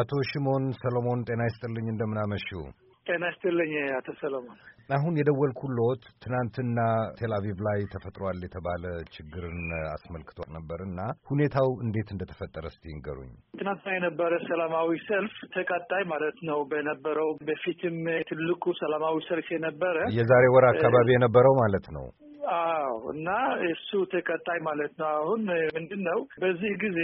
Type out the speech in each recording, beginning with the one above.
አቶ ሽሞን ሰሎሞን ጤና ይስጥልኝ፣ እንደምናመሹ። ጤና ይስጥልኝ አቶ ሰሎሞን። አሁን የደወልኩሎት ትናንትና ቴልአቪቭ ላይ ተፈጥሯል የተባለ ችግርን አስመልክቶ ነበር እና ሁኔታው እንዴት እንደተፈጠረ እስቲ ንገሩኝ። ትናንትና የነበረ ሰላማዊ ሰልፍ ተቀጣይ ማለት ነው በነበረው በፊትም ትልቁ ሰላማዊ ሰልፍ የነበረ የዛሬ ወር አካባቢ የነበረው ማለት ነው አዎ እና እሱ ተቀጣይ ማለት ነው። አሁን ምንድን ነው በዚህ ጊዜ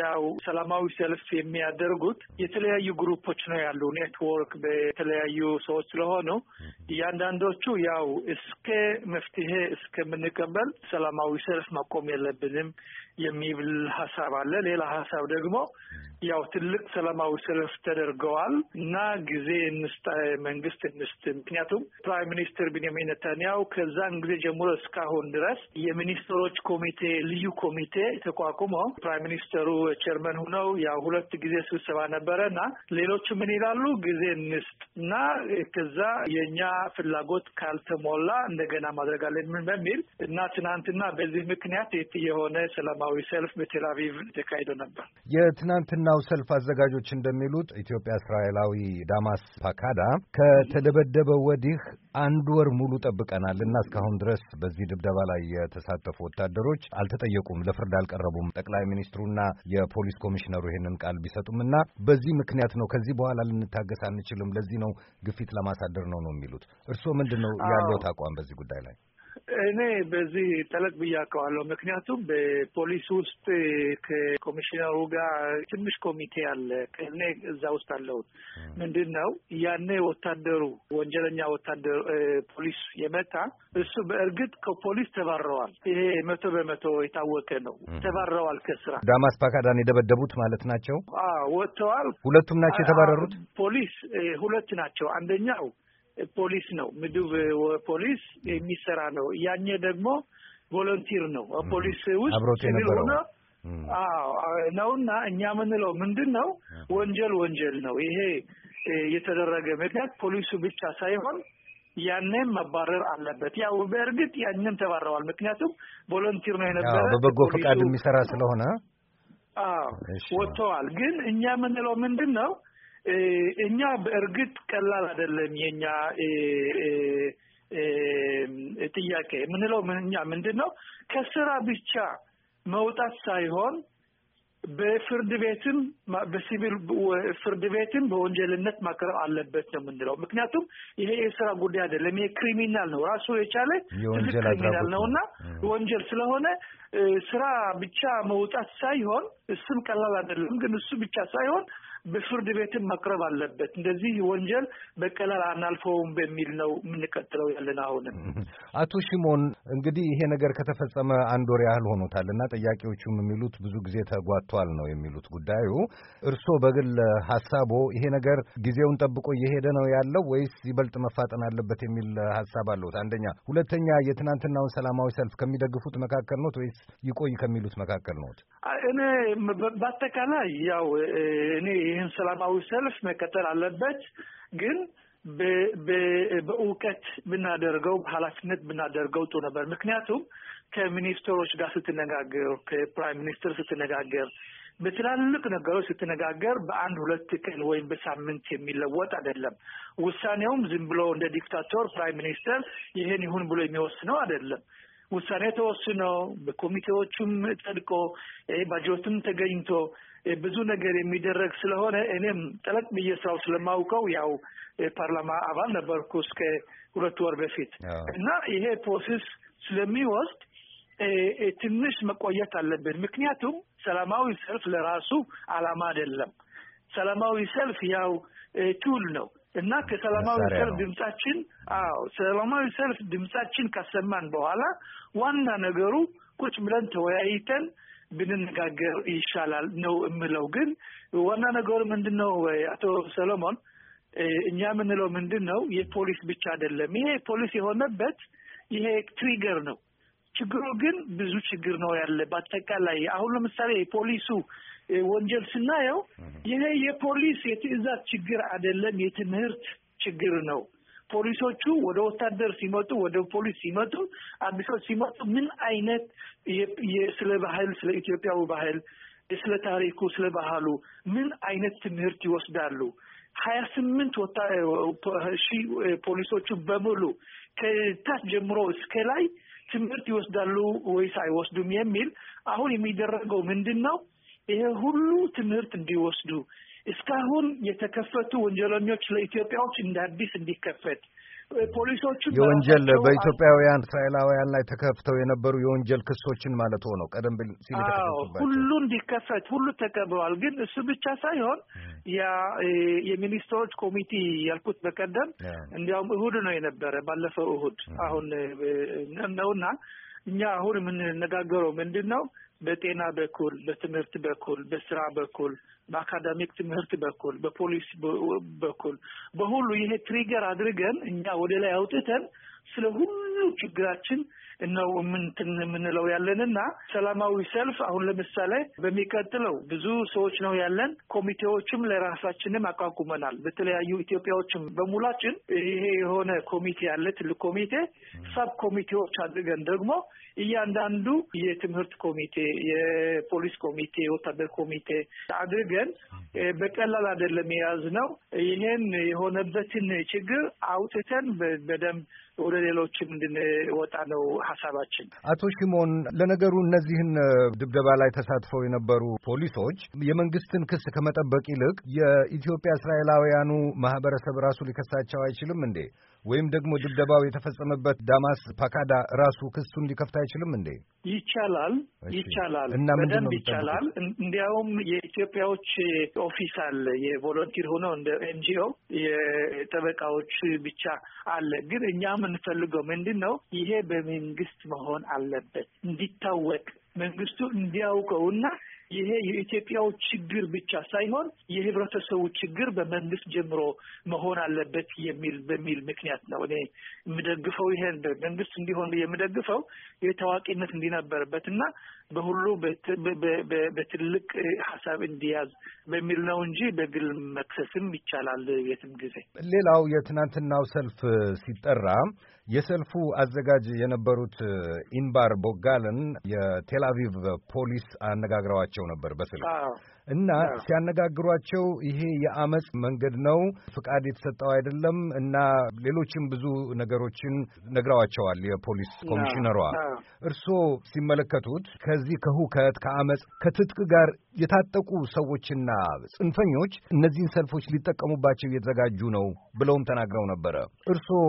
ያው ሰላማዊ ሰልፍ የሚያደርጉት የተለያዩ ግሩፖች ነው ያሉ ኔትወርክ በተለያዩ ሰዎች ስለሆኑ እያንዳንዶቹ ያው እስከ መፍትሄ እስከምንቀበል ሰላማዊ ሰልፍ ማቆም የለብንም የሚብል ሀሳብ አለ። ሌላ ሀሳብ ደግሞ ያው ትልቅ ሰላማዊ ሰልፍ ተደርገዋል እና ጊዜ እንስጥ፣ መንግስት እንስጥ። ምክንያቱም ፕራይም ሚኒስትር ቢንያሚን ነታንያው ከዛን ጊዜ ጀምሮ እስካሁን ድረስ የሚኒስትሮች ኮሚቴ ልዩ ኮሚቴ ተቋቁሞ ፕራይም ሚኒስትሩ ቸርመን ሁነው ያው ሁለት ጊዜ ስብሰባ ነበረ እና ሌሎቹ ምን ይላሉ? ጊዜ እንስጥ እና ከዛ የእኛ ፍላጎት ካልተሞላ እንደገና ማድረግ አለን በሚል እና ትናንትና በዚህ ምክንያት የሆነ ሰላማ ሰላማዊ ሰልፍ በቴል አቪቭ ተካሂዶ ነበር። የትናንትናው ሰልፍ አዘጋጆች እንደሚሉት ኢትዮጵያ እስራኤላዊ ዳማስ ፓካዳ ከተደበደበ ወዲህ አንድ ወር ሙሉ ጠብቀናል እና እስካሁን ድረስ በዚህ ድብደባ ላይ የተሳተፉ ወታደሮች አልተጠየቁም፣ ለፍርድ አልቀረቡም። ጠቅላይ ሚኒስትሩና የፖሊስ ኮሚሽነሩ ይህንን ቃል ቢሰጡም እና በዚህ ምክንያት ነው ከዚህ በኋላ ልንታገስ አንችልም፣ ለዚህ ነው ግፊት ለማሳደር ነው ነው የሚሉት እርስዎ ምንድን ነው ያለዎት አቋም በዚህ ጉዳይ ላይ? እኔ በዚህ ጠለቅ ብያከዋለሁ። ምክንያቱም በፖሊስ ውስጥ ከኮሚሽነሩ ጋር ትንሽ ኮሚቴ አለ። እኔ እዛ ውስጥ አለሁት። ምንድን ነው ያኔ ወታደሩ ወንጀለኛ ወታደሩ ፖሊስ የመጣ እሱ በእርግጥ ከፖሊስ ተባረዋል። ይሄ መቶ በመቶ የታወቀ ነው። ተባረዋል ከስራ ዳማስ ፓካዳን የደበደቡት ማለት ናቸው። ወጥተዋል። ሁለቱም ናቸው የተባረሩት ፖሊስ ሁለት ናቸው። አንደኛው ፖሊስ ነው። ምድብ ፖሊስ የሚሰራ ነው። ያኔ ደግሞ ቮለንቲር ነው። ፖሊስ ውስጥ ሆነ ነውና እኛ የምንለው ምንድን ነው? ወንጀል ወንጀል ነው። ይሄ የተደረገ ምክንያት ፖሊሱ ብቻ ሳይሆን ያኔም መባረር አለበት። ያው በእርግጥ ያንም ተባረዋል። ምክንያቱም ቮለንቲር ነው የነበረ በበጎ ፈቃድ የሚሰራ ስለሆነ ወጥተዋል። ግን እኛ የምንለው ምንድን ነው እኛ በእርግጥ ቀላል አይደለም። የኛ ጥያቄ የምንለው እኛ ምንድን ነው ከስራ ብቻ መውጣት ሳይሆን በፍርድ ቤትም በሲቪል ፍርድ ቤትም በወንጀልነት ማቅረብ አለበት ነው የምንለው። ምክንያቱም ይሄ የስራ ጉዳይ አይደለም፣ ይሄ ክሪሚናል ነው ራሱ የቻለ ትልቅ ክሪሚናል ነው እና ወንጀል ስለሆነ ስራ ብቻ መውጣት ሳይሆን እሱም ቀላል አይደለም፣ ግን እሱ ብቻ ሳይሆን በፍርድ ቤትም መቅረብ አለበት። እንደዚህ ወንጀል በቀላል አናልፈውም በሚል ነው የምንቀጥለው ያለን። አሁንም አቶ ሽሞን እንግዲህ ይሄ ነገር ከተፈጸመ አንድ ወር ያህል ሆኖታል እና ጠያቂዎቹም የሚሉት ብዙ ጊዜ ተጓቷል ነው የሚሉት ጉዳዩ። እርስዎ በግል ሀሳቦ ይሄ ነገር ጊዜውን ጠብቆ እየሄደ ነው ያለው ወይስ ይበልጥ መፋጠን አለበት የሚል ሀሳብ አለሁት? አንደኛ። ሁለተኛ የትናንትናውን ሰላማዊ ሰልፍ ከሚደግፉት መካከል ነት ወይስ ይቆይ ከሚሉት መካከል ኖት? እኔ በአጠቃላይ ያው እኔ ይህን ሰላማዊ ሰልፍ መቀጠል አለበት ግን በእውቀት ብናደርገው በኃላፊነት ብናደርገው ጥሩ ነበር። ምክንያቱም ከሚኒስትሮች ጋር ስትነጋገር፣ ከፕራይም ሚኒስትር ስትነጋገር፣ በትላልቅ ነገሮች ስትነጋገር በአንድ ሁለት ቀን ወይም በሳምንት የሚለወጥ አይደለም። ውሳኔውም ዝም ብሎ እንደ ዲክታቶር ፕራይም ሚኒስተር ይሄን ይሁን ብሎ የሚወስነው አይደለም። ውሳኔ ተወስኖ በኮሚቴዎቹም ጸድቆ ባጀትም ተገኝቶ ብዙ ነገር የሚደረግ ስለሆነ እኔም ጠለቅ ብዬ ስራው ስለማውቀው ያው የፓርላማ አባል ነበርኩ እስከ ሁለት ወር በፊት እና ይሄ ፕሮሴስ ስለሚወስድ ትንሽ መቆየት አለብን። ምክንያቱም ሰላማዊ ሰልፍ ለራሱ አላማ አይደለም። ሰላማዊ ሰልፍ ያው ቱል ነው እና ከሰላማዊ ሰልፍ ድምጻችን አዎ ሰላማዊ ሰልፍ ድምጻችን ካሰማን በኋላ ዋና ነገሩ ቁጭ ብለን ተወያይተን ብንነጋገር ይሻላል ነው የምለው። ግን ዋና ነገሩ ምንድን ነው አቶ ሰሎሞን እኛ የምንለው ምንድን ነው የፖሊስ ብቻ አይደለም። ይሄ ፖሊስ የሆነበት ይሄ ትሪገር ነው። ችግሩ ግን ብዙ ችግር ነው ያለ በአጠቃላይ አሁን ለምሳሌ የፖሊሱ ወንጀል ስናየው ይሄ የፖሊስ የትዕዛዝ ችግር አይደለም፣ የትምህርት ችግር ነው። ፖሊሶቹ ወደ ወታደር ሲመጡ ወደ ፖሊስ ሲመጡ አዲሶች ሲመጡ ምን አይነት ስለ ባህል ስለ ኢትዮጵያዊ ባህል ስለ ታሪኩ ስለ ባህሉ ምን አይነት ትምህርት ይወስዳሉ? ሀያ ስምንት ሺህ ፖሊሶቹ በሙሉ ከታች ጀምሮ እስከ ላይ ትምህርት ይወስዳሉ ወይስ አይወስዱም የሚል አሁን የሚደረገው ምንድን ነው? ይሄ ሁሉ ትምህርት እንዲወስዱ እስካሁን የተከፈቱ ወንጀለኞች ለኢትዮጵያዎች እንደ አዲስ እንዲከፈት ፖሊሶቹ የወንጀል በኢትዮጵያውያን እስራኤላውያን ላይ ተከፍተው የነበሩ የወንጀል ክሶችን ማለት ሆነው ቀደም ሲል ሁሉ እንዲከፈት ሁሉ ተቀብሏል። ግን እሱ ብቻ ሳይሆን ያ የሚኒስትሮች ኮሚቴ ያልኩት በቀደም እንዲያውም እሁድ ነው የነበረ ባለፈው እሁድ አሁን ነውና እኛ አሁን የምንነጋገረው ምንድን ነው በጤና በኩል በትምህርት በኩል በስራ በኩል በአካዳሚክ ትምህርት በኩል በፖሊስ በኩል በሁሉ ይሄ ትሪገር አድርገን እኛ ወደ ላይ አውጥተን ስለ ሁሉ ችግራችን ነው የምንለው የምንለው ያለንና ሰላማዊ ሰልፍ አሁን ለምሳሌ በሚቀጥለው ብዙ ሰዎች ነው ያለን። ኮሚቴዎችም ለራሳችንም አቋቁመናል። በተለያዩ ኢትዮጵያዎችም በሙላችን ይሄ የሆነ ኮሚቴ ያለ ትልቅ ኮሚቴ ሳብ ኮሚቴዎች አድርገን ደግሞ እያንዳንዱ የትምህርት ኮሚቴ፣ የፖሊስ ኮሚቴ፣ የወታደር ኮሚቴ አድርገን በቀላል አይደለም የያዝነው። ይሄን የሆነበትን ችግር አውጥተን በደንብ ወደ ሌሎችም እንድንወጣ ነው ሀሳባችን። አቶ ሽሞን፣ ለነገሩ እነዚህን ድብደባ ላይ ተሳትፈው የነበሩ ፖሊሶች የመንግስትን ክስ ከመጠበቅ ይልቅ የኢትዮጵያ እስራኤላውያኑ ማህበረሰብ ራሱ ሊከሳቸው አይችልም እንዴ? ወይም ደግሞ ድብደባው የተፈጸመበት ዳማስ ፓካዳ ራሱ ክሱን ሊከፍት አይችልም እንዴ? ይቻላል፣ ይቻላል፣ በደንብ ይቻላል። እንዲያውም የኢትዮጵያዎች ኦፊስ አለ፣ የቮለንቲር ሆኖ እንደ ኤንጂኦ የጠበቃዎች ብቻ አለ። ግን እኛ የምንፈልገው ምንድን ነው? ይሄ በመንግስት መሆን አለበት እንዲታወቅ መንግስቱ እንዲያውቀውና ይሄ የኢትዮጵያው ችግር ብቻ ሳይሆን የህብረተሰቡ ችግር በመንግስት ጀምሮ መሆን አለበት የሚል በሚል ምክንያት ነው እኔ የምደግፈው። ይሄን መንግስት እንዲሆን የምደግፈው ይህ ታዋቂነት እንዲነበርበት እና በሁሉ በትልቅ ሀሳብ እንዲያዝ በሚል ነው እንጂ በግል መክሰስም ይቻላል የትም ጊዜ። ሌላው የትናንትናው ሰልፍ ሲጠራ የሰልፉ አዘጋጅ የነበሩት ኢንባር ቦጋለን የቴልአቪቭ ፖሊስ አነጋግረዋቸው ነበር በስልክ። እና ሲያነጋግሯቸው ይሄ የአመፅ መንገድ ነው፣ ፍቃድ የተሰጠው አይደለም እና ሌሎችም ብዙ ነገሮችን ነግረዋቸዋል የፖሊስ ኮሚሽነሯ። እርስዎ ሲመለከቱት ከዚህ ከሁከት ከአመፅ ከትጥቅ ጋር የታጠቁ ሰዎችና ጽንፈኞች እነዚህን ሰልፎች ሊጠቀሙባቸው እየተዘጋጁ ነው ብለውም ተናግረው ነበረ። እርስዎ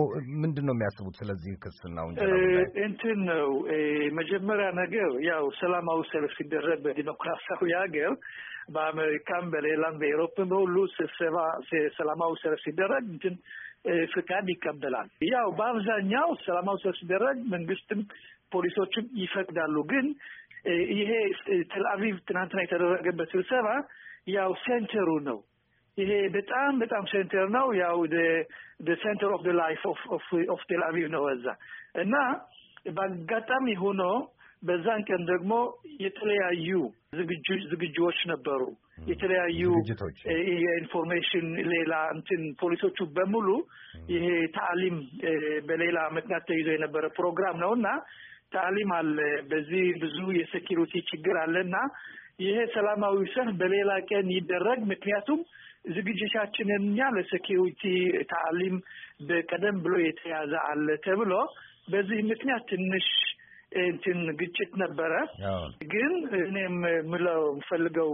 ምንድን ነው የሚያስቡት ስለዚህ ክስና ወንጀል? እንትን ነው መጀመሪያ ነገር ያው ሰላማዊ ሰልፍ ሲደረግ በዲሞክራሲያዊ ሀገር በአሜሪካም በሌላም በኤሮፕም በሁሉ ሰላማዊ ሰልፍ ሲደረግ እንትን ፍቃድ ይቀበላል። ያው በአብዛኛው ሰላማዊ ሰልፍ ሲደረግ መንግስትም ፖሊሶችም ይፈቅዳሉ። ግን ይሄ ቴልአቪቭ ትናንትና የተደረገበት ስብሰባ ያው ሴንተሩ ነው። ይሄ በጣም በጣም ሴንተር ነው። ያው ሴንተር ኦፍ ላይፍ ኦፍ ቴልአቪቭ ነው እዛ እና በአጋጣሚ ሆኖ በዛን ቀን ደግሞ የተለያዩ ዝግጅዎች ነበሩ። የተለያዩ የኢንፎርሜሽን ሌላ እንትን ፖሊሶቹ በሙሉ ይሄ ታሊም በሌላ ምክንያት ተይዞ የነበረ ፕሮግራም ነው እና ታሊም አለ። በዚህ ብዙ የሴኪሪቲ ችግር አለ እና ይሄ ሰላማዊ ሰልፍ በሌላ ቀን ይደረግ ምክንያቱም ዝግጅታችንን እኛ ለሴኪሪቲ ታሊም በቀደም ብሎ የተያዘ አለ ተብሎ በዚህ ምክንያት ትንሽ እንትን ግጭት ነበረ። ግን እኔም ምለው ፈልገው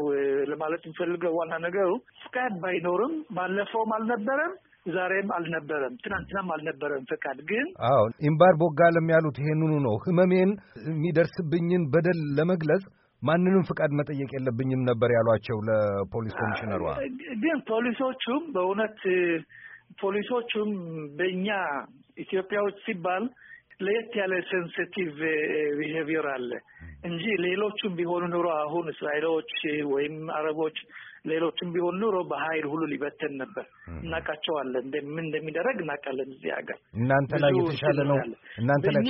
ለማለት የምፈልገው ዋና ነገሩ ፍቃድ ባይኖርም ባለፈውም አልነበረም ዛሬም አልነበረም፣ ትናንትናም አልነበረም ፈቃድ። ግን አዎ ኢምባር ቦጋለም ያሉት ይሄንኑ ነው። ህመሜን የሚደርስብኝን በደል ለመግለጽ ማንንም ፍቃድ መጠየቅ የለብኝም ነበር ያሏቸው ለፖሊስ ኮሚሽነሯ። ግን ፖሊሶቹም በእውነት ፖሊሶቹም በእኛ ኢትዮጵያዎች ሲባል ለየት ያለ ሴንሲቲቭ ቢሄቪየር eh, አለ hmm. እንጂ ሌሎቹም ቢሆኑ ኑሮ አሁን እስራኤሎች ወይም አረቦች ሌሎችም ቢሆን ኑሮ በኃይል ሁሉ ሊበተን ነበር። hmm. እናውቃቸዋለን፣ ምን እንደሚደረግ እናቃለን። እዚህ ሀገር እናንተ ላይ የተሻለ ነው፣ እናንተ ላይ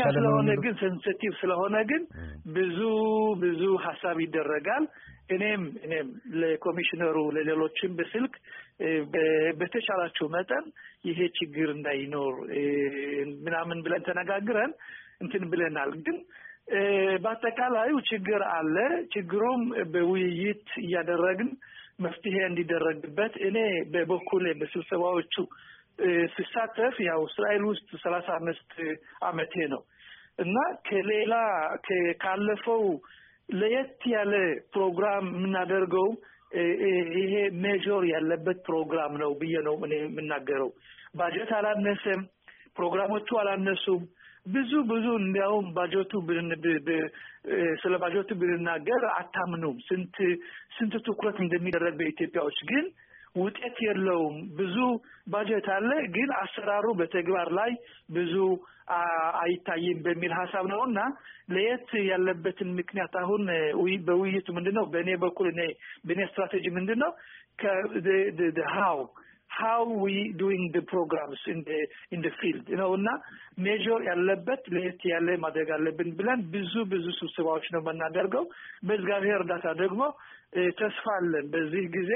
ግን ሴንሲቲቭ ስለሆነ ግን hmm. ብዙ ብዙ ሀሳብ ይደረጋል። እኔም እኔም ለኮሚሽነሩ ለሌሎችም በስልክ በተቻላቸው መጠን ይሄ ችግር እንዳይኖር ምናምን ብለን ተነጋግረን እንትን ብለናል። ግን በአጠቃላዩ ችግር አለ። ችግሩም በውይይት እያደረግን መፍትሄ እንዲደረግበት እኔ በበኩሌ በስብሰባዎቹ ስሳተፍ ያው እስራኤል ውስጥ ሰላሳ አምስት አመቴ ነው እና ከሌላ ካለፈው ለየት ያለ ፕሮግራም የምናደርገው ይሄ ሜዥር ያለበት ፕሮግራም ነው ብዬ ነው እኔ የምናገረው። ባጀት አላነሰም፣ ፕሮግራሞቹ አላነሱም። ብዙ ብዙ እንዲያውም ባጀቱ ስለ ባጀቱ ብንናገር አታምኑም፣ ስንት ስንት ትኩረት እንደሚደረግ በኢትዮጵያዎች ግን ውጤት የለውም። ብዙ ባጀት አለ፣ ግን አሰራሩ በተግባር ላይ ብዙ አይታይም በሚል ሀሳብ ነው እና ለየት ያለበትን ምክንያት አሁን በውይይቱ ምንድን ነው በእኔ በኩል እኔ በእኔ ስትራቴጂ ምንድን ነው ሀው how we doing the programs in the in the field you know እና ሜጆር ያለበት ለየት ያለ ማድረግ አለብን ብለን ብዙ ብዙ ስብሰባዎች ነው የምናደርገው። በእግዚአብሔር እርዳታ ደግሞ ተስፋ አለን። በዚህ ጊዜ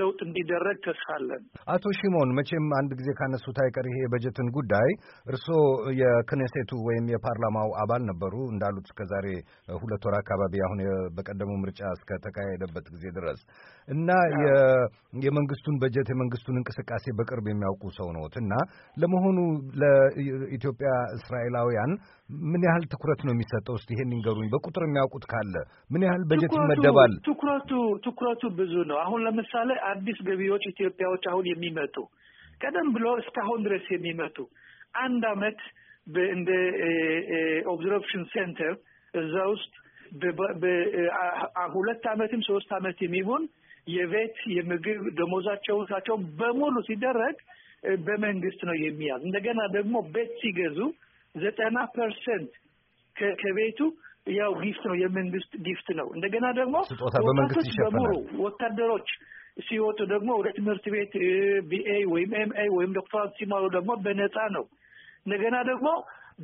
ለውጥ እንዲደረግ ተስፋ አለን። አቶ ሺሞን መቼም አንድ ጊዜ ካነሱት አይቀር ይሄ የበጀትን ጉዳይ እርስዎ የክኔሴቱ ወይም የፓርላማው አባል ነበሩ እንዳሉት ከዛሬ ሁለት ወር አካባቢ አሁን በቀደሙ ምርጫ እስከተካሄደበት ጊዜ ድረስ እና የመንግስቱን በጀት የመንግስቱን እንቅስቃሴ በቅርብ የሚያውቁ ሰው ነዎት እና ለመሆኑ ለኢትዮጵያ እስራኤላውያን ምን ያህል ትኩረት ነው የሚሰጠው? እስቲ ይሄን ንገሩኝ። በቁጥር የሚያውቁት ካለ ምን ያህል በጀት ይመደባል? ትኩረቱ ትኩረቱ ብዙ ነው። አሁን ለምሳሌ አዲስ ገቢዎች ኢትዮጵያዎች አሁን የሚመጡ ቀደም ብሎ እስካሁን ድረስ የሚመጡ አንድ አመት እንደ ኦብዘርቭሽን ሴንተር እዛ ውስጥ ሁለት አመትም ሶስት አመት የሚሆን የቤት የምግብ ደሞዛቸው ሳቸው በሙሉ ሲደረግ በመንግስት ነው የሚያዝ። እንደገና ደግሞ ቤት ሲገዙ ዘጠና ፐርሰንት ከቤቱ ያው ጊፍት ነው፣ የመንግስት ጊፍት ነው። እንደገና ደግሞ ወጣቶች በሙሉ ወታደሮች ሲወጡ ደግሞ ወደ ትምህርት ቤት ቢኤ ወይም ኤምኤ ወይም ዶክተራት ሲማሩ ደግሞ በነፃ ነው። እንደገና ደግሞ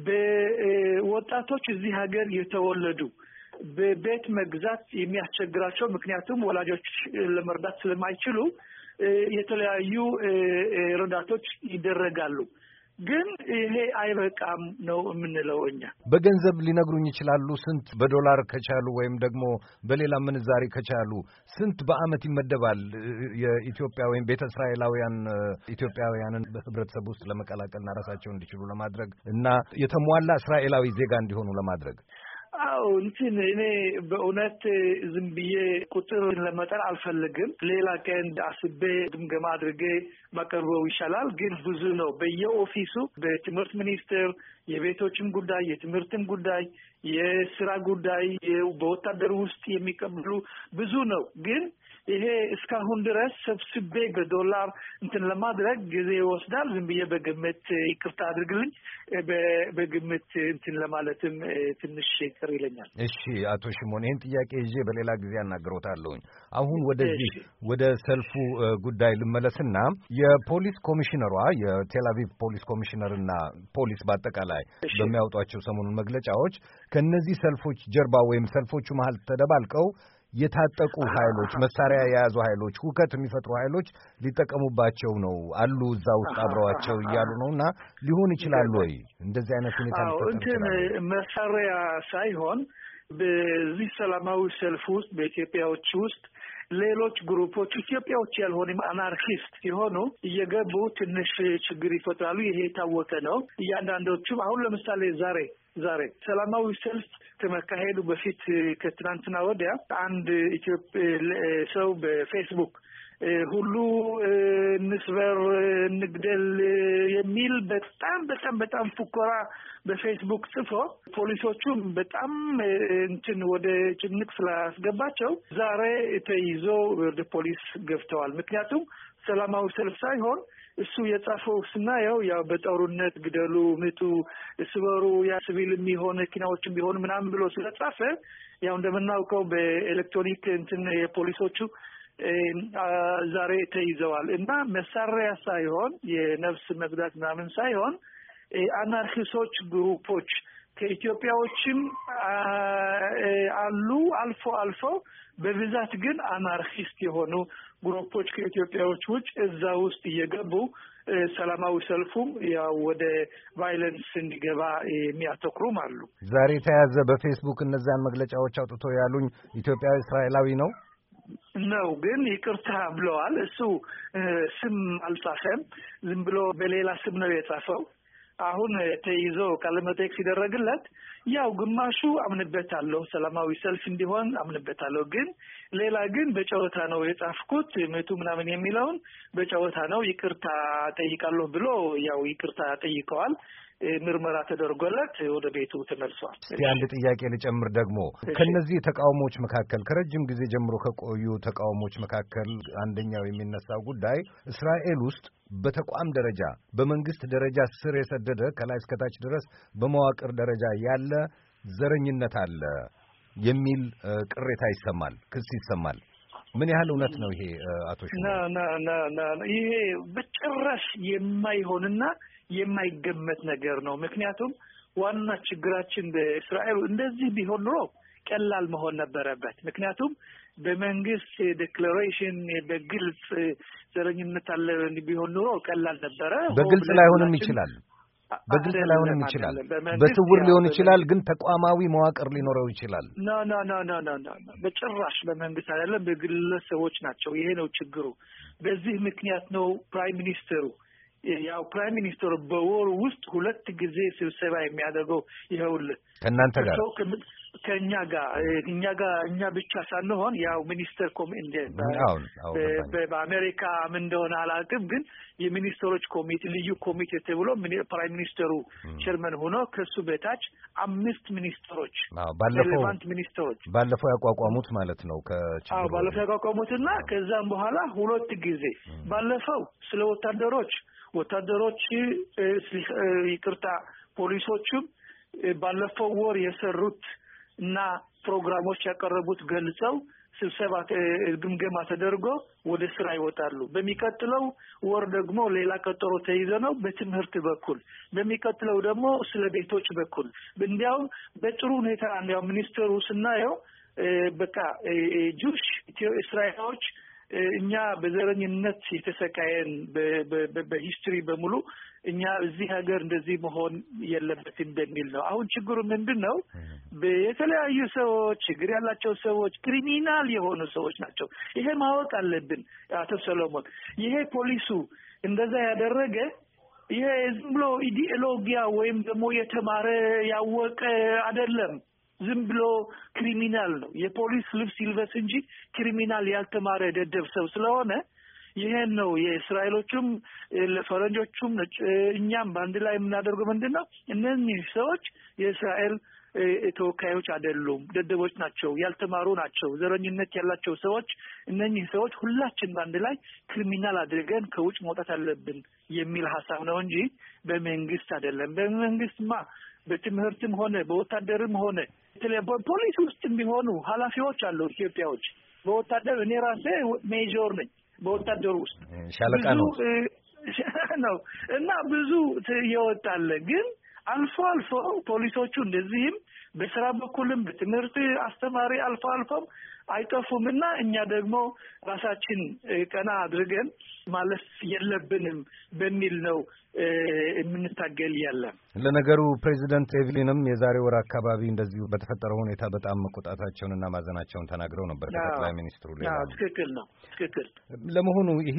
በወጣቶች እዚህ ሀገር የተወለዱ በቤት መግዛት የሚያስቸግራቸው ምክንያቱም ወላጆች ለመርዳት ስለማይችሉ የተለያዩ ረዳቶች ይደረጋሉ። ግን ይሄ አይበቃም ነው የምንለው እኛ። በገንዘብ ሊነግሩኝ ይችላሉ ስንት በዶላር ከቻሉ ወይም ደግሞ በሌላ ምንዛሪ ከቻሉ ስንት በዓመት ይመደባል የኢትዮጵያ ወይም ቤተ እስራኤላውያን ኢትዮጵያውያንን በህብረተሰብ ውስጥ ለመቀላቀልና ራሳቸው እንዲችሉ ለማድረግ እና የተሟላ እስራኤላዊ ዜጋ እንዲሆኑ ለማድረግ አዎ እንትን እኔ በእውነት ዝም ብዬ ቁጥር ለመጠር አልፈልግም። ሌላ ቀን አስቤ ግምገማ አድርጌ ማቀርበው ይሻላል። ግን ብዙ ነው። በየኦፊሱ በትምህርት ሚኒስቴር የቤቶችም ጉዳይ፣ የትምህርትም ጉዳይ፣ የስራ ጉዳይ፣ በወታደር ውስጥ የሚቀበሉ ብዙ ነው። ግን ይሄ እስካሁን ድረስ ሰብስቤ በዶላር እንትን ለማድረግ ጊዜ ይወስዳል። ዝም ብዬ በግምት ይቅርታ አድርግልኝ፣ በግምት እንትን ለማለትም ትንሽ ቅር ይለኛል። እሺ አቶ ሽሞን ይህን ጥያቄ ይዤ በሌላ ጊዜ አናግሮታለሁኝ። አሁን ወደዚህ ወደ ሰልፉ ጉዳይ ልመለስና የፖሊስ ኮሚሽነሯ የቴል አቪቭ ፖሊስ ኮሚሽነርና ፖሊስ በአጠቃላይ ላይ በሚያወጧቸው ሰሞኑን መግለጫዎች ከእነዚህ ሰልፎች ጀርባ ወይም ሰልፎቹ መሀል ተደባልቀው የታጠቁ ኃይሎች መሳሪያ የያዙ ኃይሎች ሁከት የሚፈጥሩ ኃይሎች ሊጠቀሙባቸው ነው አሉ እዛ ውስጥ አብረዋቸው እያሉ ነው። እና ሊሆን ይችላል ወይ እንደዚህ አይነት ሁኔታ እንትን መሳሪያ ሳይሆን በዚህ ሰላማዊ ሰልፍ ውስጥ በኢትዮጵያዎች ውስጥ ሌሎች ግሩፖች ኢትዮጵያዎች ያልሆኑ አናርኪስት የሆኑ እየገቡ ትንሽ ችግር ይፈጥራሉ። ይሄ የታወቀ ነው። እያንዳንዶቹም አሁን ለምሳሌ ዛሬ ዛሬ ሰላማዊ ሰልፍ ከመካሄዱ በፊት ከትናንትና ወዲያ አንድ ሰው በፌስቡክ ሁሉ እንስበር፣ እንግደል የሚል በጣም በጣም በጣም ፉኮራ በፌስቡክ ጽፎ ፖሊሶቹም በጣም እንትን ወደ ጭንቅ ስላስገባቸው ዛሬ ተይዞ ወደ ፖሊስ ገብተዋል። ምክንያቱም ሰላማዊ ሰልፍ ሳይሆን እሱ የጻፈው ስናየው ያው በጦርነት ግደሉ፣ ምቱ፣ ስበሩ ያ ሲቪል የሚሆን መኪናዎች የሚሆን ምናምን ብሎ ስለጻፈ ያው እንደምናውቀው በኤሌክትሮኒክ እንትን የፖሊሶቹ ዛሬ ተይዘዋል እና መሳሪያ ሳይሆን የነፍስ መግዳት ምናምን ሳይሆን አናርኪሶች ግሩፖች ከኢትዮጵያዎችም አሉ። አልፎ አልፎ በብዛት ግን አናርኪስት የሆኑ ግሩፖች ከኢትዮጵያዎች ውጭ እዛ ውስጥ እየገቡ ሰላማዊ ሰልፉም ያው ወደ ቫይለንስ እንዲገባ የሚያተኩሩም አሉ። ዛሬ የተያዘ በፌስቡክ እነዚያን መግለጫዎች አውጥቶ ያሉኝ ኢትዮጵያዊ እስራኤላዊ ነው። ነው ግን ይቅርታ ብለዋል። እሱ ስም አልጻፈም፣ ዝም ብሎ በሌላ ስም ነው የጻፈው። አሁን ተይዞ ቃለመጠይቅ ሲደረግለት ያው ግማሹ አምንበታለሁ፣ ሰላማዊ ሰልፍ እንዲሆን አምንበታለሁ፣ ግን ሌላ ግን በጨዋታ ነው የጻፍኩት ምቱ ምናምን የሚለውን በጨዋታ ነው ይቅርታ ጠይቃለሁ ብሎ ያው ይቅርታ ጠይቀዋል። ምርመራ ተደርጎለት ወደ ቤቱ ተመልሷል። አንድ ጥያቄ ልጨምር ደግሞ ከነዚህ ተቃውሞዎች መካከል ከረጅም ጊዜ ጀምሮ ከቆዩ ተቃውሞዎች መካከል አንደኛው የሚነሳው ጉዳይ እስራኤል ውስጥ በተቋም ደረጃ በመንግስት ደረጃ ስር የሰደደ ከላይ እስከታች ድረስ በመዋቅር ደረጃ ያለ ዘረኝነት አለ የሚል ቅሬታ ይሰማል፣ ክስ ይሰማል። ምን ያህል እውነት ነው ይሄ? አቶ ይሄ በጭራሽ የማይሆንና የማይገመት ነገር ነው። ምክንያቱም ዋና ችግራችን በእስራኤል እንደዚህ ቢሆን ኑሮ ቀላል መሆን ነበረበት። ምክንያቱም በመንግስት ዴክላሬሽን በግልጽ ዘረኝነት አለ ቢሆን ኑሮ ቀላል ነበረ። በግልጽ ላይሆንም ይችላል፣ በግልጽ ላይሆንም ይችላል፣ በስውር ሊሆን ይችላል። ግን ተቋማዊ መዋቅር ሊኖረው ይችላል። ኖ ኖ ኖ ኖ ኖ በጭራሽ በመንግስት አይደለም፣ በግለሰቦች ናቸው። ይሄ ነው ችግሩ። በዚህ ምክንያት ነው ፕራይም ሚኒስትሩ ያው ፕራይም ሚኒስትሩ በወር ውስጥ ሁለት ጊዜ ስብሰባ የሚያደርገው ይኸውልህ ከእናንተ ጋር ከእኛ ጋር እኛ ጋር እኛ ብቻ ሳንሆን ያው ሚኒስተር በአሜሪካ ምን እንደሆነ አላውቅም፣ ግን የሚኒስትሮች ኮሚቴ ልዩ ኮሚቴ ተብሎ ፕራይም ሚኒስተሩ ቸርመን ሆኖ ከሱ በታች አምስት ሚኒስተሮች ሬሌቫንት ሚኒስተሮች ባለፈው ያቋቋሙት ማለት ነው። ባለፈው ያቋቋሙትና ከዛም በኋላ ሁለት ጊዜ ባለፈው ስለ ወታደሮች ወታደሮች ይቅርታ ፖሊሶቹም ባለፈው ወር የሰሩት እና ፕሮግራሞች ያቀረቡት ገልጸው ስብሰባ ግምገማ ተደርጎ ወደ ስራ ይወጣሉ። በሚቀጥለው ወር ደግሞ ሌላ ቀጠሮ ተይዞ ነው በትምህርት በኩል በሚቀጥለው ደግሞ ስለ ቤቶች በኩል እንዲያውም በጥሩ ሁኔታ እንዲያውም ሚኒስትሩ ስናየው በቃ ጁሽ እስራኤላዎች እኛ በዘረኝነት የተሰቃየን በሂስትሪ በሙሉ እኛ እዚህ ሀገር እንደዚህ መሆን የለበትም በሚል ነው። አሁን ችግሩ ምንድን ነው? የተለያዩ ሰዎች ችግር ያላቸው ሰዎች ክሪሚናል የሆኑ ሰዎች ናቸው። ይሄ ማወቅ አለብን። አቶ ሰሎሞን፣ ይሄ ፖሊሱ እንደዛ ያደረገ ይሄ ዝም ብሎ ኢዲኦሎጊያ ወይም ደግሞ የተማረ ያወቀ አይደለም። ዝም ብሎ ክሪሚናል ነው። የፖሊስ ልብስ ይልበስ እንጂ ክሪሚናል ያልተማረ ደደብ ሰው ስለሆነ ይሄን ነው የእስራኤሎቹም ለፈረንጆቹም እኛም በአንድ ላይ የምናደርገው ምንድን ነው? እነዚህ ሰዎች የእስራኤል ተወካዮች አይደሉም። ደደቦች ናቸው፣ ያልተማሩ ናቸው፣ ዘረኝነት ያላቸው ሰዎች። እነኚህ ሰዎች ሁላችን በአንድ ላይ ክሪሚናል አድርገን ከውጭ መውጣት አለብን የሚል ሀሳብ ነው እንጂ በመንግስት አይደለም። በመንግስትማ በትምህርትም ሆነ በወታደርም ሆነ ፖሊስ ውስጥ የሚሆኑ ሀላፊዎች አሉ ኢትዮጵያዎች። በወታደር እኔ ራሴ ሜጆር ነኝ። በወታደሩ ውስጥ ሻለቃ ነው ነው እና ብዙ የወጣለ ግን አልፎ አልፎ ፖሊሶቹ እንደዚህም በስራ በኩልም በትምህርት አስተማሪ አልፎ አልፎም አይጠፉም እና እኛ ደግሞ ራሳችን ቀና አድርገን ማለፍ የለብንም በሚል ነው የምንታገል ያለን። ለነገሩ ፕሬዚደንት ኤቭሊንም የዛሬ ወር አካባቢ እንደዚሁ በተፈጠረው ሁኔታ በጣም መቆጣታቸውንና ማዘናቸውን ተናግረው ነበር ከጠቅላይ ሚኒስትሩ። ሌላ ትክክል ነው፣ ትክክል። ለመሆኑ ይሄ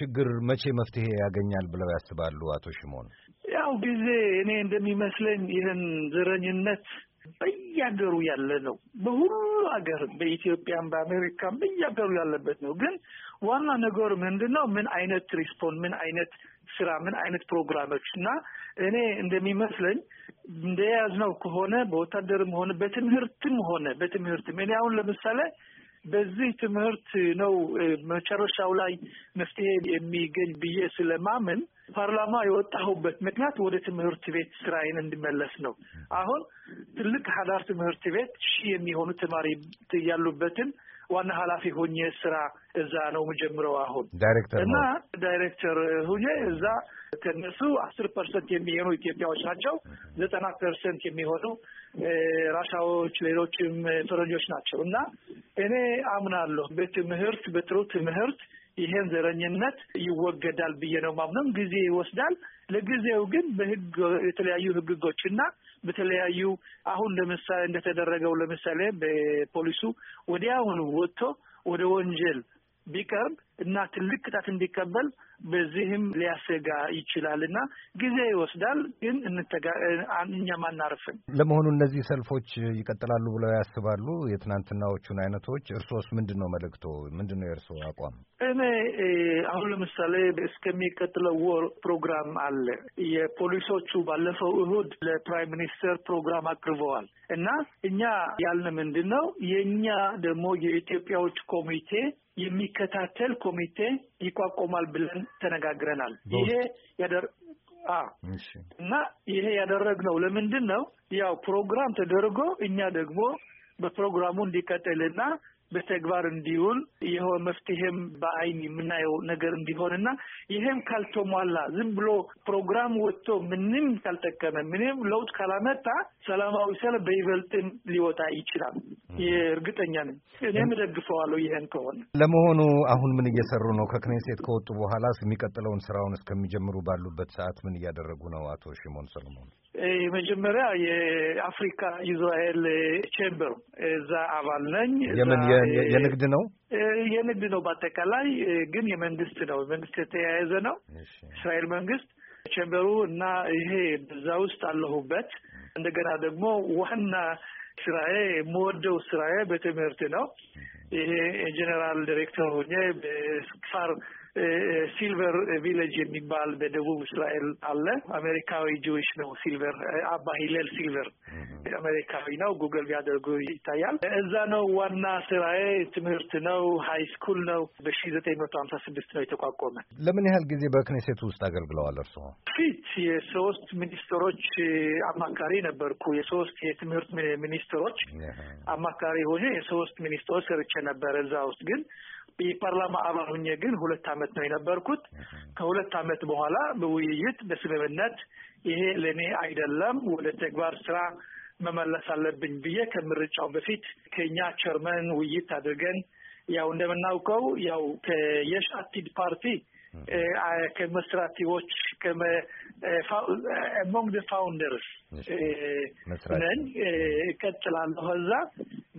ችግር መቼ መፍትሄ ያገኛል ብለው ያስባሉ አቶ ሽሞን? ያው ጊዜ እኔ እንደሚመስለኝ ይህን ዘረኝነት በያገሩ ያለ ነው። በሁሉ ሀገር በኢትዮጵያም፣ በአሜሪካም በያገሩ ያለበት ነው። ግን ዋና ነገሩ ምንድን ነው? ምን አይነት ሪስፖንስ፣ ምን አይነት ስራ፣ ምን አይነት ፕሮግራሞች እና እኔ እንደሚመስለኝ እንደያዝነው ከሆነ በወታደርም ሆነ በትምህርትም ሆነ በትምህርትም እኔ አሁን ለምሳሌ በዚህ ትምህርት ነው መጨረሻው ላይ መፍትሄ የሚገኝ ብዬ ስለማምን ፓርላማ የወጣሁበት ምክንያት ወደ ትምህርት ቤት ስራዬን እንድመለስ ነው። አሁን ትልቅ ሀዳር ትምህርት ቤት ሺህ የሚሆኑ ተማሪ ያሉበትን ዋና ኃላፊ ሆኜ ስራ እዛ ነው የምጀምረው አሁን እና ዳይሬክተር ሁኜ እዛ ከነሱ አስር ፐርሰንት የሚሆኑ ኢትዮጵያዎች ናቸው። ዘጠና ፐርሰንት የሚሆኑ ራሻዎች፣ ሌሎችም ፈረንጆች ናቸው እና እኔ አምናለሁ በትምህርት በጥሩ ትምህርት ይሄን ዘረኝነት ይወገዳል ብዬ ነው ማምነው። ጊዜ ይወስዳል። ለጊዜው ግን በህግ የተለያዩ እና በተለያዩ አሁን ለምሳሌ እንደተደረገው ለምሳሌ በፖሊሱ ወዲያውኑ ወጥቶ ወደ ወንጀል ቢቀርብ እና ትልቅ ቅጣት እንዲቀበል በዚህም ሊያሰጋ ይችላል እና ጊዜ ይወስዳል። ግን እኛም አናርፍም። ለመሆኑ እነዚህ ሰልፎች ይቀጥላሉ ብለው ያስባሉ? የትናንትናዎቹን አይነቶች እርሶስ ምንድን ነው መልእክቶ? ምንድን ነው የእርስዎ አቋም? እኔ አሁን ለምሳሌ እስከሚቀጥለው ወር ፕሮግራም አለ። የፖሊሶቹ ባለፈው እሁድ ለፕራይም ሚኒስተር ፕሮግራም አቅርበዋል እና እኛ ያልን ምንድን ነው የእኛ ደግሞ የኢትዮጵያዎች ኮሚቴ የሚከታተል ኮሚቴ ይቋቋማል ብለን ተነጋግረናል። ይሄ ያደር እና ይሄ ያደረግነው ለምንድን ነው? ያው ፕሮግራም ተደርጎ እኛ ደግሞ በፕሮግራሙ እንዲቀጥልና በተግባር እንዲውል የሆነ መፍትሄም በአይን የምናየው ነገር እንዲሆን እና ይሄም ካልተሟላ ዝም ብሎ ፕሮግራም ወጥቶ ምንም ካልጠቀመ ምንም ለውጥ ካላመጣ ሰላማዊ ሰልፍ በይበልጥን ሊወጣ ይችላል። እርግጠኛ ነኝ። እኔም እደግፈዋለሁ ይሄን ከሆነ። ለመሆኑ አሁን ምን እየሰሩ ነው? ከክኔሴት ከወጡ በኋላ የሚቀጥለውን ስራውን እስከሚጀምሩ ባሉበት ሰዓት ምን እያደረጉ ነው? አቶ ሽሞን ሰለሞን የመጀመሪያ የአፍሪካ ኢዝራኤል ቼምበር እዛ አባል ነኝ። የምን የንግድ ነው የንግድ ነው በአጠቃላይ ግን የመንግስት ነው መንግስት የተያያዘ ነው። እስራኤል መንግስት ቼምበሩ እና ይሄ በዛ ውስጥ አለሁበት። እንደገና ደግሞ ዋና ስራዬ የምወደው ስራዬ በትምህርት ነው። ይሄ ጄኔራል ዲሬክተር ሆኜ በስፋር ሲልቨር ቪሌጅ የሚባል በደቡብ እስራኤል አለ። አሜሪካዊ ጂዎች ነው። ሲልቨር አባ ሂለል ሲልቨር አሜሪካዊ ነው። ጉግል ቢያደርጉ ይታያል። እዛ ነው ዋና ስራዬ። ትምህርት ነው። ሀይ ስኩል ነው። በሺ ዘጠኝ መቶ ሀምሳ ስድስት ነው የተቋቋመ። ለምን ያህል ጊዜ በክኔሴት ውስጥ አገልግለዋል እርስዎ? ፊት የሶስት ሚኒስትሮች አማካሪ ነበርኩ። የሶስት የትምህርት ሚኒስትሮች አማካሪ ሆኜ የሶስት ሚኒስትሮች ሰርቼ ነበር። እዛ ውስጥ ግን የፓርላማ አባል ሁኜ ግን ሁለት ዓመት ነው የነበርኩት። ከሁለት አመት በኋላ በውይይት በስምምነት ይሄ ለእኔ አይደለም ወደ ተግባር ስራ መመለስ አለብኝ ብዬ ከምርጫው በፊት ከኛ ቸርመን ውይይት አድርገን ያው እንደምናውቀው ያው የሻቲድ ፓርቲ ከመስራቲዎች ከመ አሞንግ ደ ፋውንደርስ ነን እቀጥላለሁ። እዛ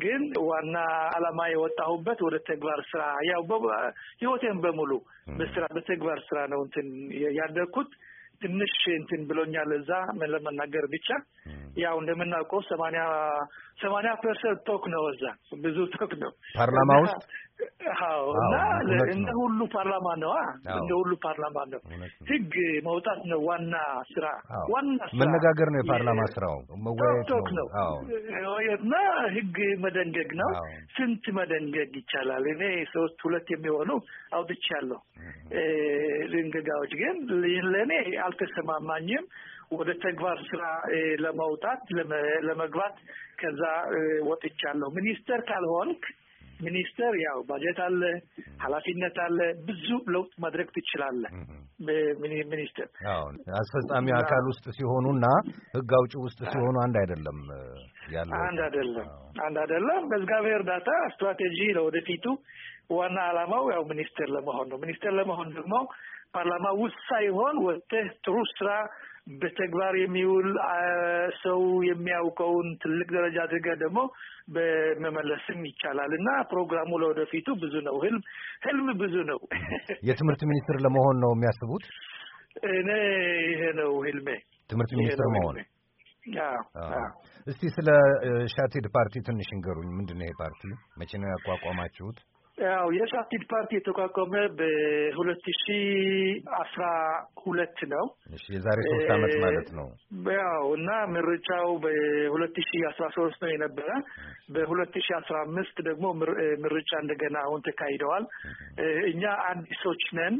ግን ዋና አላማ የወጣሁበት ወደ ተግባር ስራ ያው ህይወቴን በሙሉ በስራ በተግባር ስራ ነው እንትን ያደግኩት። ትንሽ እንትን ብሎኛል እዛ ለመናገር ብቻ Hmm. ያው እንደምናውቀው ሰማንያ ሰማንያ ፐርሰንት ቶክ ነው፣ እዛ ብዙ ቶክ ነው ፓርላማ ውስጥ አዎ። እና እንደ ሁሉ ፓርላማ ነው፣ እንደ ሁሉ ፓርላማ ነው። ህግ መውጣት ነው ዋና ስራ፣ ዋና ስራ መነጋገር ነው። የፓርላማ ስራው መወያየት ነው፣ እና ህግ መደንገግ ነው። ስንት መደንገግ ይቻላል? እኔ ሶስት ሁለት የሚሆኑ አውጥቻለሁ። ድንገጋዎች ግን ለእኔ አልተሰማማኝም። ወደ ተግባር ስራ ለመውጣት ለመግባት ከዛ ወጥቻለሁ። ሚኒስተር ካልሆንክ ሚኒስተር ያው ባጀት አለ፣ ኃላፊነት አለ፣ ብዙ ለውጥ ማድረግ ትችላለህ። ሚኒስተር አስፈጻሚ አካል ውስጥ ሲሆኑና ህግ አውጪ ውስጥ ሲሆኑ አንድ አይደለም ያለ አንድ አይደለም አንድ አይደለም። በእግዚአብሔር እርዳታ ስትራቴጂ ለወደፊቱ ዋና ዓላማው ያው ሚኒስቴር ለመሆን ነው። ሚኒስቴር ለመሆን ደግሞ ፓርላማ ውስጥ ሳይሆን ወጥተህ ጥሩ ስራ በተግባር የሚውል ሰው የሚያውቀውን ትልቅ ደረጃ አድርገህ ደግሞ በመመለስም ይቻላል እና ፕሮግራሙ ለወደፊቱ ብዙ ነው። ህልም ህልም ብዙ ነው። የትምህርት ሚኒስትር ለመሆን ነው የሚያስቡት። እኔ ይሄ ነው ህልሜ፣ ትምህርት ሚኒስትር መሆን። እስቲ ስለ ሻቴድ ፓርቲ ትንሽ እንገሩኝ። ምንድን ነው ይሄ ፓርቲ? መቼ ነው ያቋቋማችሁት? ያው የሳቲድ ፓርቲ የተቋቋመ በሁለት ሺ አስራ ሁለት ነው። የዛሬ ሶስት አመት ማለት ነው። ያው እና ምርጫው በሁለት ሺ አስራ ሶስት ነው የነበረ። በሁለት ሺ አስራ አምስት ደግሞ ምርጫ እንደገና አሁን ተካሂደዋል። እኛ አዲሶች ነን።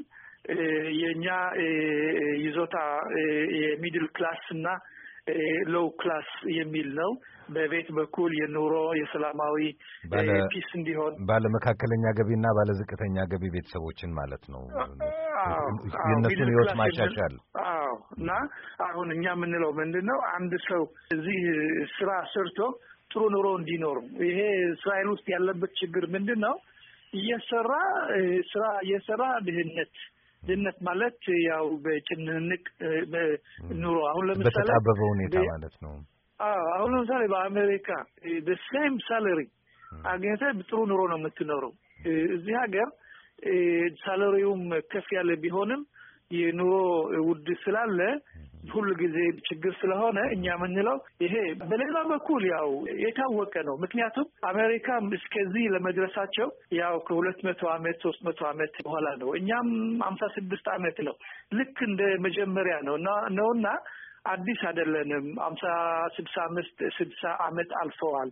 የእኛ ይዞታ የሚድል ክላስ እና ሎው ክላስ የሚል ነው። በቤት በኩል የኑሮ የሰላማዊ ፒስ እንዲሆን ባለ መካከለኛ ገቢና ባለ ዝቅተኛ ገቢ ቤተሰቦችን ማለት ነው የእነሱን ህይወት ማሻሻል። አዎ። እና አሁን እኛ የምንለው ምንድን ነው? አንድ ሰው እዚህ ስራ ሰርቶ ጥሩ ኑሮ እንዲኖር። ይሄ እስራኤል ውስጥ ያለበት ችግር ምንድን ነው? እየሰራ ስራ እየሰራ ድህነት ድህነት ማለት ያው በጭንንቅ ኑሮ አሁን ለምሳሌ በተጣበበ ሁኔታ ማለት ነው። አሁን ለምሳሌ በአሜሪካ በሴም ሳለሪ አግኝተህ ጥሩ ኑሮ ነው የምትኖረው። እዚህ ሀገር ሳለሪውም ከፍ ያለ ቢሆንም የኑሮ ውድ ስላለ ሁሉ ጊዜ ችግር ስለሆነ እኛ የምንለው ይሄ በሌላ በኩል ያው የታወቀ ነው። ምክንያቱም አሜሪካም እስከዚህ ለመድረሳቸው ያው ከሁለት መቶ አመት ሶስት መቶ አመት በኋላ ነው። እኛም አምሳ ስድስት አመት ነው። ልክ እንደ መጀመሪያ ነው ነውና አዲስ አይደለንም። አምሳ ስድሳ አምስት ስድሳ አመት አልፈዋል።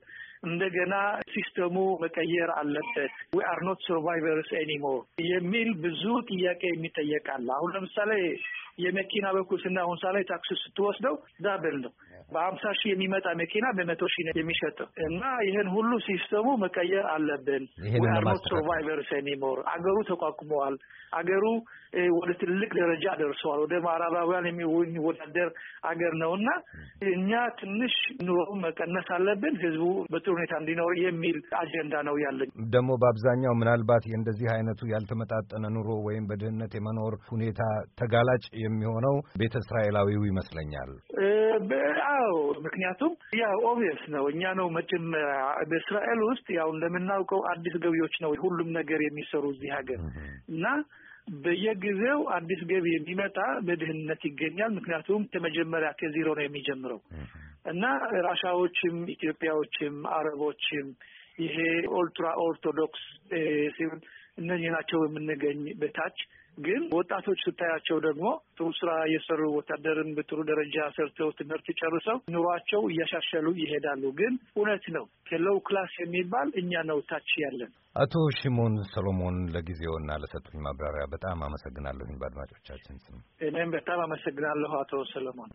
እንደገና ሲስተሙ መቀየር አለበት። ዊ አር ኖት ሰርቫይቨርስ ኤኒሞር የሚል ብዙ ጥያቄ የሚጠየቃል። አሁን ለምሳሌ የመኪና በኩስና ሁንሳ ላይ ታክሲ ስትወስደው ዳብል ነው። በአምሳ ሺህ የሚመጣ መኪና በመቶ ሺህ ነው የሚሸጠው እና ይህን ሁሉ ሲስተሙ መቀየር አለብን። ኖት ሰርቫይቨርስ የሚሞር አገሩ ተቋቁመዋል። አገሩ ወደ ትልቅ ደረጃ ደርሰዋል። ወደ ምዕራባውያን የሚወዳደር አገር ነው እና እኛ ትንሽ ኑሮ መቀነስ አለብን፣ ህዝቡ በጥሩ ሁኔታ እንዲኖር የሚል አጀንዳ ነው ያለኝ። ደግሞ በአብዛኛው ምናልባት እንደዚህ አይነቱ ያልተመጣጠነ ኑሮ ወይም በድህነት የመኖር ሁኔታ ተጋላጭ የ የሚሆነው ቤተ እስራኤላዊው ይመስለኛል። አዎ፣ ምክንያቱም ያው ኦብቪየስ ነው። እኛ ነው መቼም በእስራኤል ውስጥ ያው እንደምናውቀው አዲስ ገቢዎች ነው ሁሉም ነገር የሚሰሩ እዚህ ሀገር እና በየጊዜው አዲስ ገቢ የሚመጣ በድህነት ይገኛል። ምክንያቱም ከመጀመሪያ ከዜሮ ነው የሚጀምረው እና ራሻዎችም፣ ኢትዮጵያዎችም፣ አረቦችም ይሄ ኦልትራ ኦርቶዶክስ ሲሆን እነዚህ ናቸው የምንገኝ በታች ግን ወጣቶች ስታያቸው ደግሞ ጥሩ ስራ የሰሩ ወታደርን በጥሩ ደረጃ ሰርተው ትምህርት ጨርሰው ኑሯቸው እያሻሸሉ ይሄዳሉ። ግን እውነት ነው ከሎው ክላስ የሚባል እኛ ነው ታች ያለን። አቶ ሽሞን ሰሎሞን ለጊዜውና ለሰጡኝ ማብራሪያ በጣም አመሰግናለሁኝ። በአድማጮቻችን ስም እኔም በጣም አመሰግናለሁ አቶ ሰሎሞን።